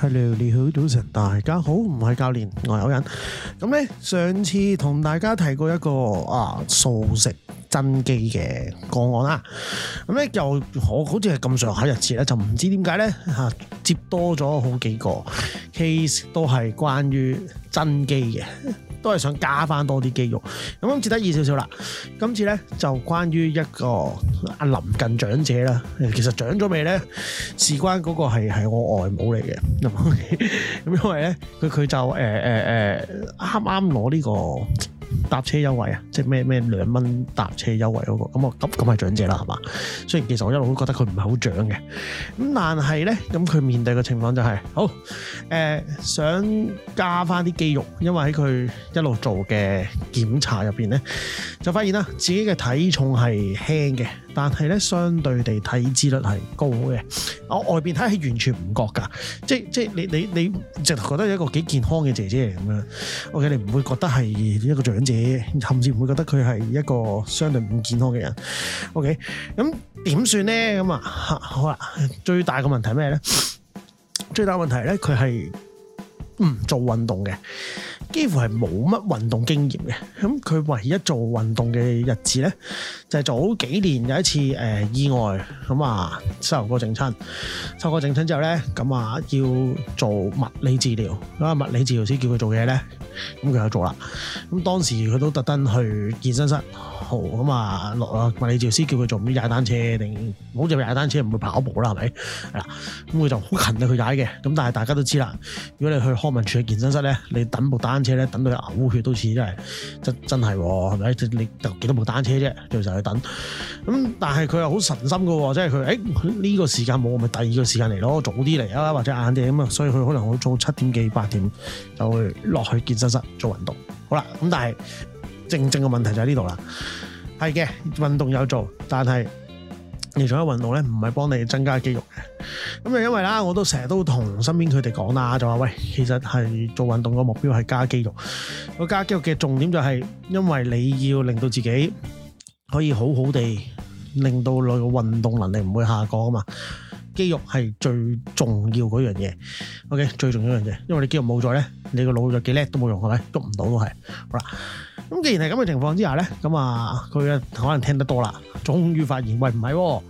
Hello，你好，早晨，大家好，唔係教練，我係友人咁咧。上次同大家提過一個啊素食增肌嘅個案啦，啊，咁咧又我好似係咁上下日次，咧，就唔知點解咧吓接多咗好幾個。case 都係關於增肌嘅，都係想加翻多啲肌肉。咁今次得意少少啦，今次咧就關於一個啊臨近長者啦。其實長咗未咧？事關嗰個係係我外母嚟嘅。咁 因為咧，佢佢就誒誒誒啱啱攞呢個搭車優惠啊，即係咩咩兩蚊搭車優惠嗰個，咁我咁咁係長者啦，係嘛？雖然其實我一路都覺得佢唔係好長嘅，咁但係咧，咁佢面對嘅情況就係，好、呃、想加翻啲肌肉，因為喺佢一路做嘅檢查入邊咧，就發現啦自己嘅體重係輕嘅。但係咧，相對地體脂率係高嘅。我外邊睇係完全唔覺噶，即係即係你你你，你你直覺得一個幾健康嘅姐姐嚟咁樣。O、OK, K，你唔會覺得係一個長者，甚至唔會覺得佢係一個相對唔健康嘅人？O K，咁點算咧？咁、OK, 啊，好啦，最大嘅問題咩咧？最大問題咧，佢係唔做運動嘅。幾乎係冇乜運動經驗嘅，咁佢唯一做運動嘅日子咧，就係、是、早幾年有一次、呃、意外，咁、嗯、啊受過整親，受過整親之後咧，咁、嗯、啊要做物理治療，咁、嗯、啊物理治療師叫佢做嘅嘢咧，咁、嗯、佢就做啦。咁、嗯、當時佢都特登去健身室，好咁啊落啊物理治療師叫佢做唔知踩單車定冇，就佢踩單車，唔會跑步啦，係咪？咁、嗯、佢、嗯、就好勤力去踩嘅，咁但係大家都知啦，如果你去康文署嘅健身室咧，你等部單車咧等到嘔血都，都似真係真真係，係咪？你就幾多部單車啫，仲成日去等。咁但係佢又好神心噶，即係佢，誒，呢個時間冇，咪第二個時間嚟咯，早啲嚟啊，或者晏啲啊嘛。所以佢可能好早七點幾八點就會落去健身室做運動。好啦，咁但係正正嘅問題就喺呢度啦。係嘅，運動有做，但係。其實運動咧，唔係幫你增加肌肉嘅。咁就因為啦，我都成日都同身邊佢哋講啦，就話喂，其實係做運動個目標係加肌肉。個加肌肉嘅重點就係，因為你要令到自己可以好好地令到你個運動能力唔會下降嘛。肌肉係最重要嗰樣嘢，OK，最重要一樣嘢，因為你肌肉冇咗咧，你個腦就幾叻都冇用，係咪？喐唔到都係，好啦。咁既然係咁嘅情況之下咧，咁啊，佢啊可能聽得多啦，終於發現，喂唔係喎，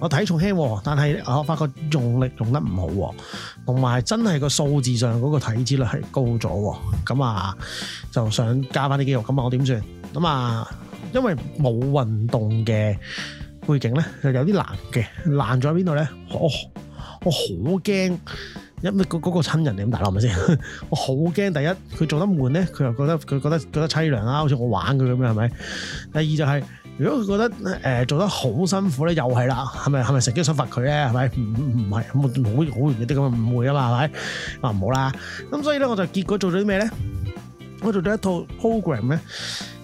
我體重輕喎，但係我發覺用力用得唔好喎，同埋真係個數字上嗰個體脂率係高咗喎，咁啊就想加翻啲肌肉，咁我點算？咁啊，因為冇運動嘅。背景咧就有啲難嘅，難咗喺邊度咧？我我好驚，因為嗰嗰個親人嚟咁大係咪先？我好驚，那個。第一，佢做得悶咧，佢又覺得佢覺得覺得凄涼啦，好似我玩佢咁樣，係咪？第二就係，是，如果佢覺得誒、呃、做得好辛苦咧，又係啦，係咪係咪成日想罰佢咧？係咪？唔唔係，好好容易啲咁嘅誤會啊嘛，係咪？啊唔好啦，咁所以咧，我就結果做咗啲咩咧？我做咗一套 program 咧，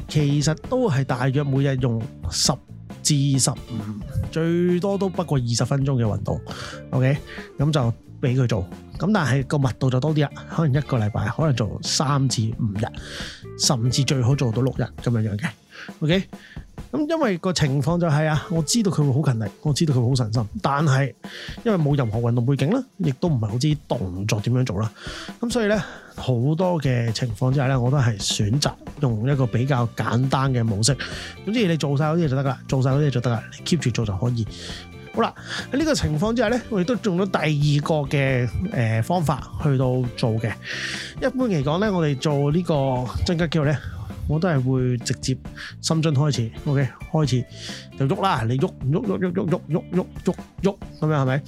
其實都係大約每日用十。至十五，最多都不過二十分鐘嘅運動，OK？咁就俾佢做。咁但係個密度就多啲啦，可能一個禮拜可能做三至五日，甚至最好做到六日咁樣樣嘅，OK？咁因為個情況就係啊，我知道佢會好勤力，我知道佢會好神心，但係因為冇任何運動背景啦，亦都唔係好知動作點樣做啦，咁所以呢，好多嘅情況之下呢，我都係選擇用一個比較簡單嘅模式。總之你做晒嗰啲嘢就得啦，做晒嗰啲嘢就得啦，你 keep 住做就可以。好啦，喺呢個情況之下、呃、呢，我哋都用咗第二個嘅方法去到做嘅。一般嚟講呢，我哋做呢個增加肌肉呢。我都係會直接深蹲開始，OK，開始就喐啦，你喐喐喐喐喐喐喐喐喐喐喐咁樣係咪？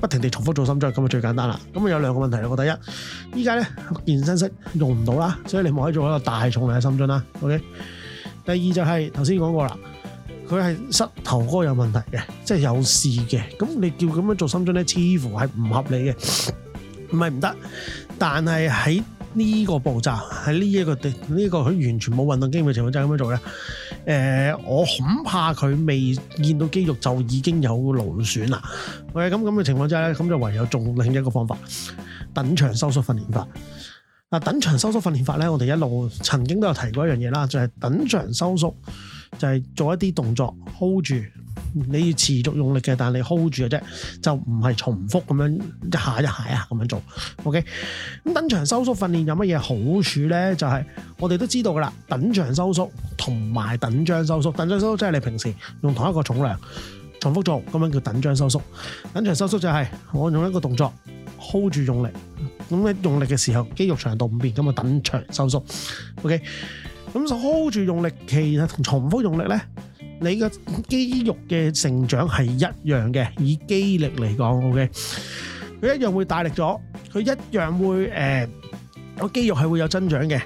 不停地重複做深蹲咁啊，最簡單啦。咁啊，有兩個問題啦，第一，依家咧健身室用唔到啦，所以你唔可以做一個大重量嘅深蹲啦，OK。第二就係頭先講過啦，佢係膝頭哥有問題嘅，即係有事嘅，咁你叫咁樣做深蹲咧，似乎係唔合理嘅，唔係唔得，但係喺呢個步驟喺呢一個地，呢一個佢完全冇運動經驗嘅情況之下，咁樣做嘅。誒、呃，我恐怕佢未見到肌肉就已經有勞損啦。係咁咁嘅情況之下咧，咁就唯有做另一個方法——等長收縮訓練法。啊，等長收縮訓練法咧，我哋一路曾經都有提過一樣嘢啦，就係、是、等長收縮，就係、是、做一啲動作 hold 住。你要持續用力嘅，但你 hold 住嘅啫，就唔係重複咁樣一下一下啊咁樣做。OK，咁等長收縮訓練有乜嘢好處咧？就係我哋都知道噶啦，等長收縮同埋等張收縮。等張收縮即係你平時用同一個重量重複做，咁樣叫等張收縮。等長收縮就係我用一個動作 hold 住用力，咁你用力嘅時候肌肉長度唔變，咁啊等長收縮。OK，咁就 hold 住用力，其實同重複用力咧。你個肌肉嘅成長係一樣嘅，以肌力嚟講，OK，佢一樣會大力咗，佢一樣會誒個肌肉係會有增長嘅。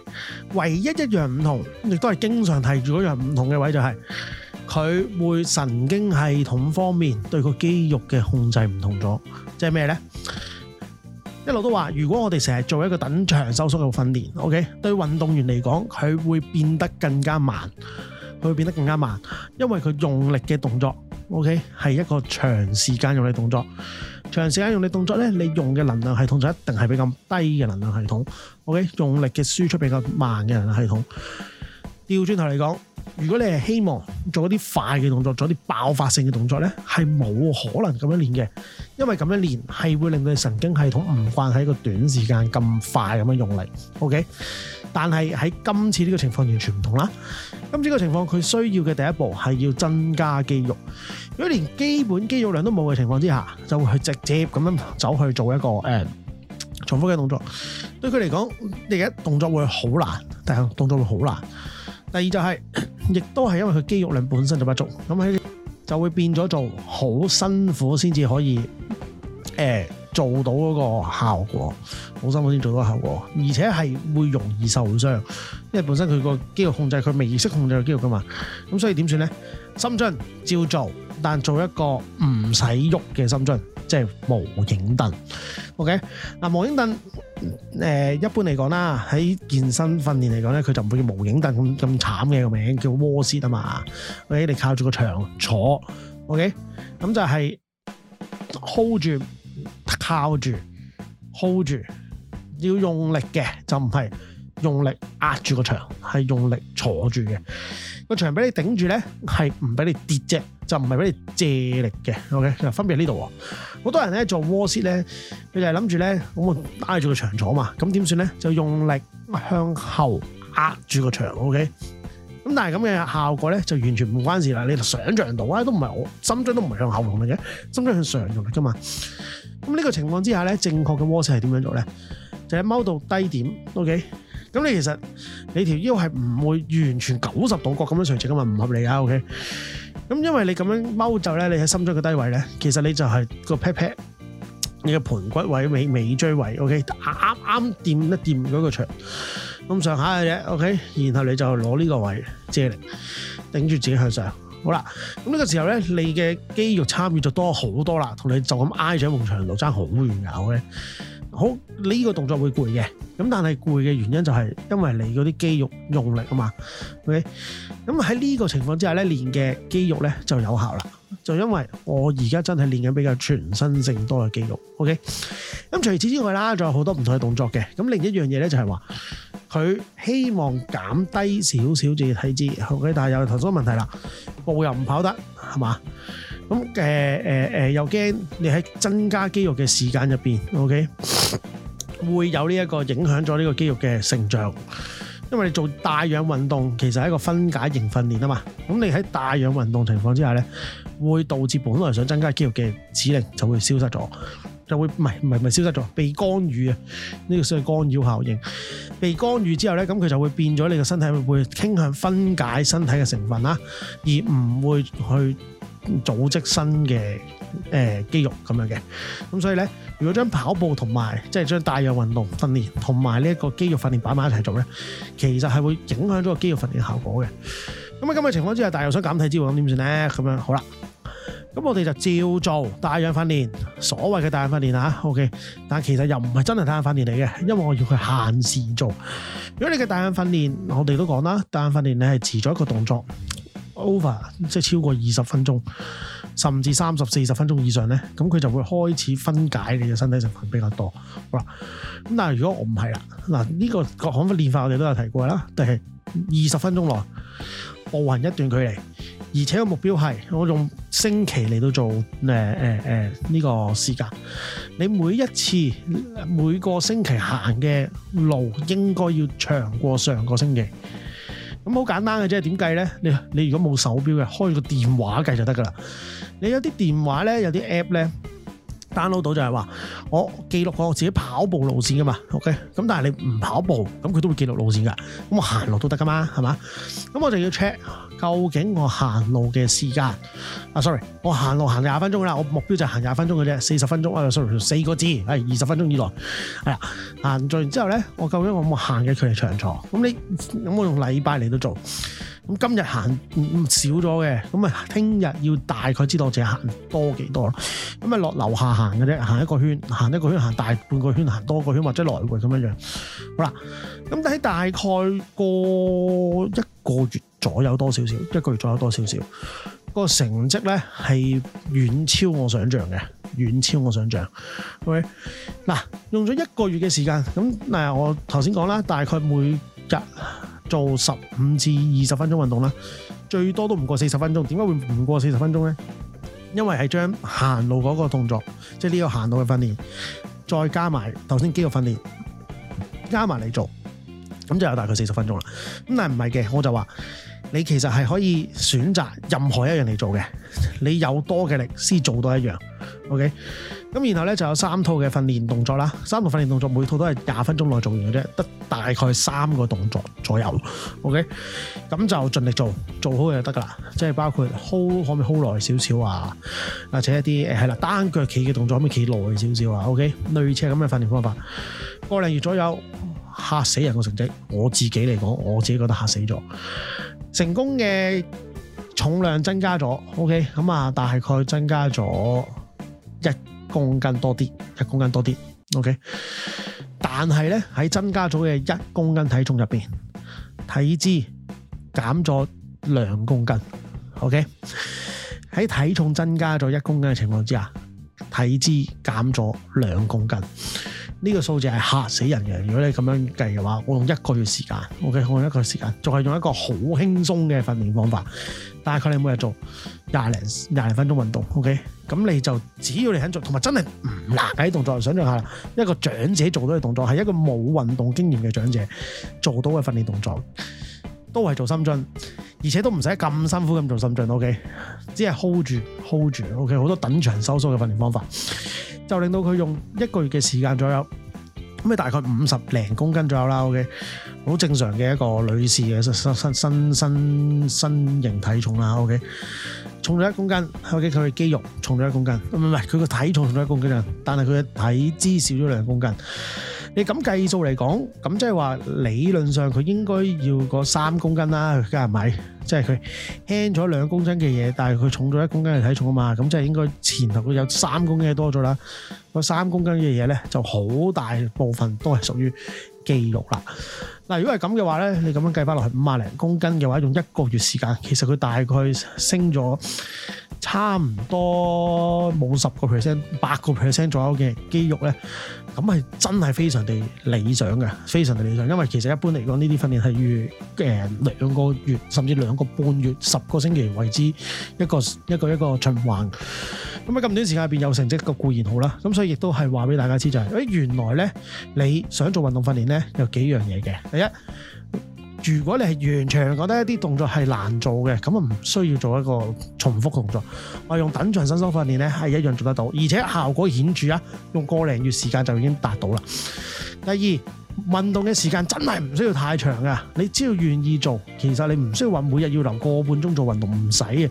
唯一一樣唔同，亦都係經常提住嗰樣唔同嘅位就係佢會神經系統方面對個肌肉嘅控制唔同咗，即係咩呢？一路都話，如果我哋成日做一個等長收縮嘅訓練，OK，對運動員嚟講，佢會變得更加慢。佢會變得更加慢，因為佢用力嘅動作，OK，係一個長時間用力動作。長時間用力動作咧，你用嘅能量系統就一定係比較低嘅能量系統。OK，用力嘅輸出比較慢嘅能量系統。調轉頭嚟講，如果你係希望做一啲快嘅動作，做一啲爆發性嘅動作咧，係冇可能咁樣練嘅，因為咁樣練係會令到你神經系統唔慣喺個短時間咁快咁樣用力。OK。但係喺今次呢個情況完全唔同啦。今次個情況佢需要嘅第一步係要增加肌肉。如果連基本肌肉量都冇嘅情況之下，就會去直接咁樣走去做一個誒、呃、重複嘅動作。對佢嚟講，而家動作會好難，第一動作會好難。第二就係、是，亦都係因為佢肌肉量本身就不足，咁喺就會變咗做好辛苦先至可以誒。呃做到嗰個效果，好辛苦先做到個效果，而且係會容易受傷，因為本身佢個肌肉控制佢未識控制個肌肉噶嘛，咁所以點算咧？深蹲照做，但做一個唔使喐嘅深蹲，即係無影凳。OK，嗱無影凳，誒、呃、一般嚟講啦，喺健身訓練嚟講咧，佢就唔會叫無影凳咁咁慘嘅、個名，叫 wall sit 啊嘛。o、okay? 你靠住個牆坐。OK，咁就係 hold 住。靠住，hold 住，要用力嘅就唔係用力壓住個牆，係用力坐住嘅。個牆俾你頂住咧，係唔俾你跌啫，就唔係俾你借力嘅。OK，就分別呢度。好多人咧做 wall sit 咧，佢就諗住咧，咁我拉住個牆坐嘛，咁點算咧？就用力向後壓住個牆。OK，咁但係咁嘅效果咧就完全唔關事啦。你想象到啊，哎，都唔係我伸張都唔係向後用力嘅，伸張向上用力噶嘛。咁呢個情況之下咧，正確嘅窩勢係點樣做咧？就係踎到低點，OK。咁你其實你條腰係唔會完全九十度角咁樣垂直嘅嘛，唔合理噶，OK。咁因為你咁樣踎就咧，你喺深蹲嘅低位咧，其實你就係個 pat pat，你嘅盆骨位尾尾椎位，OK，啱啱掂一掂嗰個牆，咁上下嘅啫，OK。然後你就攞呢個位借力，頂住自己向上。好啦，咁呢個時候咧，啊，你嘅肌肉參與就多好多啦。同你就咁捱咗一埲牆度爭好遠咬咧，好呢個動作會攰嘅。咁但係攰嘅原因就係因為你嗰啲肌肉用力啊嘛。O K，咁喺呢個情況之下咧，練嘅肌肉咧就有效啦。就因為我而家真係練緊比較全身性多嘅肌肉。O K，咁除此之外啦，仲有好多唔同嘅動作嘅。咁另一樣嘢咧就係話佢希望減低少少自己體脂。O K，但係有頭先問題啦。步又唔跑得，係嘛？咁誒誒誒，又驚你喺增加肌肉嘅時間入邊，OK，會有呢一個影響咗呢個肌肉嘅成長。因為你做帶氧運動，其實係一個分解型訓練啊嘛。咁你喺帶氧運動情況之下咧，會導致本來想增加肌肉嘅指令就會消失咗。就會唔係唔係唔係消失咗，被干擾啊！呢個所謂干擾效應，被干擾之後咧，咁佢就會變咗你個身體會傾向分解身體嘅成分啦，而唔會去組織新嘅、呃、肌肉咁樣嘅。咁所以咧，如果將跑步同埋即係將帶氧運動訓練同埋呢一個肌肉訓練擺埋一齊做咧，其實係會影響咗個肌肉訓練效果嘅。咁咁嘅情況之下，但係又想減體脂，咁點算咧？咁樣好啦。咁我哋就照做，帶氧訓練，所謂嘅帶氧訓練吓，OK，但係其實又唔係真係帶氧訓練嚟嘅，因為我要佢限時做。如果你嘅帶氧訓練，我哋都講啦，帶氧訓練你係持咗一個動作 over，即係超過二十分鐘，甚至三十四十分鐘以上咧，咁佢就會開始分解你嘅身體成分比較多。好啦，咁但係如果我唔係啦，嗱呢個個抗肌練法我哋都有提過啦，就係二十分鐘內步行一段距離。而且個目標係我用星期嚟到做呢、呃呃這個時間。你每一次每個星期行嘅路應該要長過上個星期。咁好簡單嘅啫，點計咧？你你如果冇手錶嘅，開個電話計就得㗎啦。你有啲電話咧，有啲 app 咧。download 到就係話，我記錄我自己跑步路線噶嘛，OK，咁但係你唔跑步，咁佢都會記錄路線噶，咁我行路都得噶嘛，係嘛？咁我就要 check 究竟我行路嘅時間，啊，sorry，我行路行廿分鐘啦，我目標就行廿分鐘嘅啫，四十分鐘啊，sorry，四個字，係二十分鐘以內，係啦，行咗完之後咧，我究竟我冇行嘅距離長度，咁你有冇用禮拜嚟到做？咁今日行唔少咗嘅，咁啊聽日要大概知道自己行多幾多咯，咁啊落樓下行嘅啫，行一個圈，行一個圈，行大半個圈，行多個圈或者來回咁樣樣，好啦，咁喺大概過一個月左右多少少，一個月左右多少少，個成績咧係遠超我想象嘅。遠超我想象，Okay？嗱，用咗一個月嘅時間，咁嗱我頭先講啦，大概每日。做十五至二十分鐘運動啦，最多都唔過四十分鐘。點解會唔過四十分鐘呢？因為係將行路嗰個動作，即係呢個行路嘅訓練，再加埋頭先肌肉訓練，加埋嚟做。咁就有大概四十分鐘啦。咁但係唔係嘅，我就話你其實係可以選擇任何一樣嚟做嘅。你有多嘅力先做到一樣。OK。咁然後咧就有三套嘅訓練動作啦。三套訓練動作每套都係廿分鐘內做完嘅啫，得大概三個動作左右。OK。咁就盡力做，做好嘅就得噶啦。即係包括 hold 可唔可以 hold 耐少少啊？或者一啲誒係啦，單腳企嘅動作可唔可以企耐少少啊？OK。類似係咁嘅訓練方法，個零月左右。嚇死人個成績，我自己嚟講，我自己覺得嚇死咗。成功嘅重量增加咗，OK，咁啊，大概增加咗一公斤多啲，一公斤多啲，OK。但係咧，喺增加咗嘅一公斤體重入邊，體脂減咗兩公斤，OK。喺體重增加咗一公斤嘅情況之下，體脂減咗兩公斤。呢個數字係嚇死人嘅，如果你咁樣計嘅話，我用一個月的時間，OK，我用一個月時間，仲係用一個好輕鬆嘅訓練方法，大概你每日做廿零廿零分鐘運動，OK，咁你就只要你肯做，同埋真係唔難嘅啲動作，想象一下一個長者做到嘅動作，係一個冇運動經驗嘅長者做到嘅訓練動作，都係做深蹲，而且都唔使咁辛苦咁做深蹲，OK，只係 hold 住 hold 住，OK，好多等長收縮嘅訓練方法。就令到佢用一個月嘅時間左右，咁你大概五十零公斤左右啦。O K，好正常嘅一個女士嘅身身身身身身形體重啦。O K，重咗一公斤。O K，佢嘅肌肉重咗一公斤。唔，唔係，佢個體重重咗一公斤，但係佢嘅體脂少咗兩公斤。你咁計數嚟講，咁即係話理論上佢應該要個三公斤啦，梗係咪？即係佢輕咗兩公斤嘅嘢，但係佢重咗一公斤嘅體重啊嘛，咁即係應該前頭佢有三公斤嘢多咗啦。個三公斤嘅嘢咧，就好大部分都係屬於肌肉啦，嗱，如果係咁嘅話咧，你咁樣計翻落去五啊零公斤嘅話，用一個月時間，其實佢大概升咗差唔多冇十個 percent、八個 percent 左右嘅肌肉咧，咁係真係非常地理想嘅，非常地理想，因為其實一般嚟講呢啲訓練係要誒兩個月甚至兩個半月、十個星期為之一個一個一個循環。咁咪咁短時間入邊有成績個固然好啦，咁所以亦都係話俾大家知就係，原來呢，你想做運動訓練呢，有幾樣嘢嘅。第一，如果你係完全覺得一啲動作係難做嘅，咁我唔需要做一個重複動作，我、啊、用等長伸縮訓練呢，係一樣做得到，而且效果顯著啊，用個零月時間就已經達到啦。第二。運動嘅時間真係唔需要太長㗎，你只要願意做，其實你唔需要話每日要留個半鐘做運動，唔使嘅，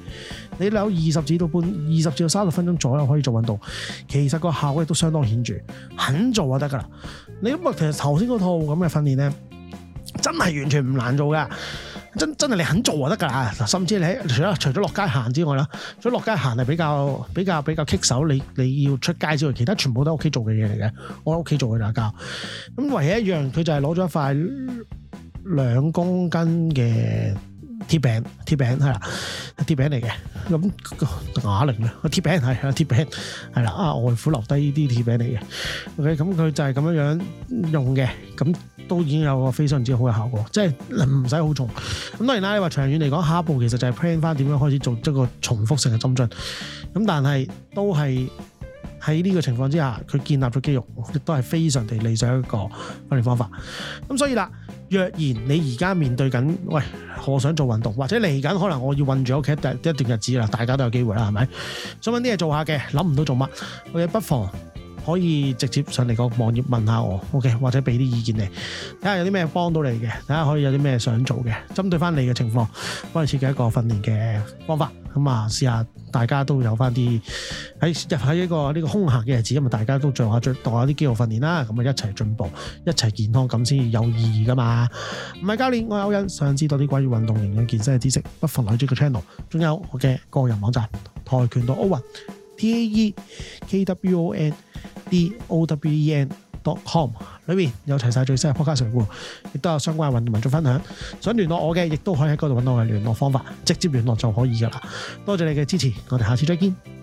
你留二十至到半二十至到三十分鐘左右可以做運動，其實個效果都相當顯著，肯做就得㗎喇。你咁啊，其實頭先嗰套咁嘅訓練呢，真係完全唔難做㗎。真真係你肯做就得㗎，甚至你喺除咗除咗落街行之外啦，除咗落街行係比較比較比較棘手，你你要出街之外，其他全部都係屋企做嘅嘢嚟嘅，我喺屋企做嘅打交，咁唯一一樣佢就係攞咗一塊兩公斤嘅。鐵餅，鐵餅係啦，鐵餅嚟嘅，咁啞鈴咧，個鐵餅係啊，鐵餅係啦，阿外父留低呢啲鐵餅嚟嘅，OK，咁佢就係咁樣樣用嘅，咁都已經有個非常之好嘅效果，即係唔使好重。咁當然啦，你話長遠嚟講，下一步其實就係 plan 翻點樣開始做一個重複性嘅針進，咁但係都係。喺呢個情況之下，佢建立咗肌肉亦都係非常地理想一個訓練方法。咁所以啦，若然你而家面對緊，喂，我想做運動，或者嚟緊可能我要困住屋企一一段日子啦，大家都有機會啦，係咪？想揾啲嘢做下嘅，諗唔到做乜，我哋不妨，可以直接上嚟個網頁問下我，OK，或者俾啲意見你，睇下有啲咩幫到你嘅，睇下可以有啲咩想做嘅，針對翻你嘅情況幫你設計一個訓練嘅方法，咁啊試下大家都有翻啲喺入喺一個呢、呢個空閒嘅日子，因為大家都做下做做下啲肌肉訓練啦，咁啊一齊進步，一齊健康，咁先有意義噶嘛。唔係教練，我係歐仁，想知道啲關於運動營養健身嘅知識，不妨去咗個 channel，仲有我嘅個人網站跆拳道歐仁。tae k w o n d o w e n dot com 裏面有齊晒最新嘅 Podcast，亦都有相關嘅運動文章分享。想聯絡我嘅，亦都可以喺嗰度揾到我嘅聯絡方法，直接聯絡就可以㗎喇。多謝你嘅支持，我哋下次再見。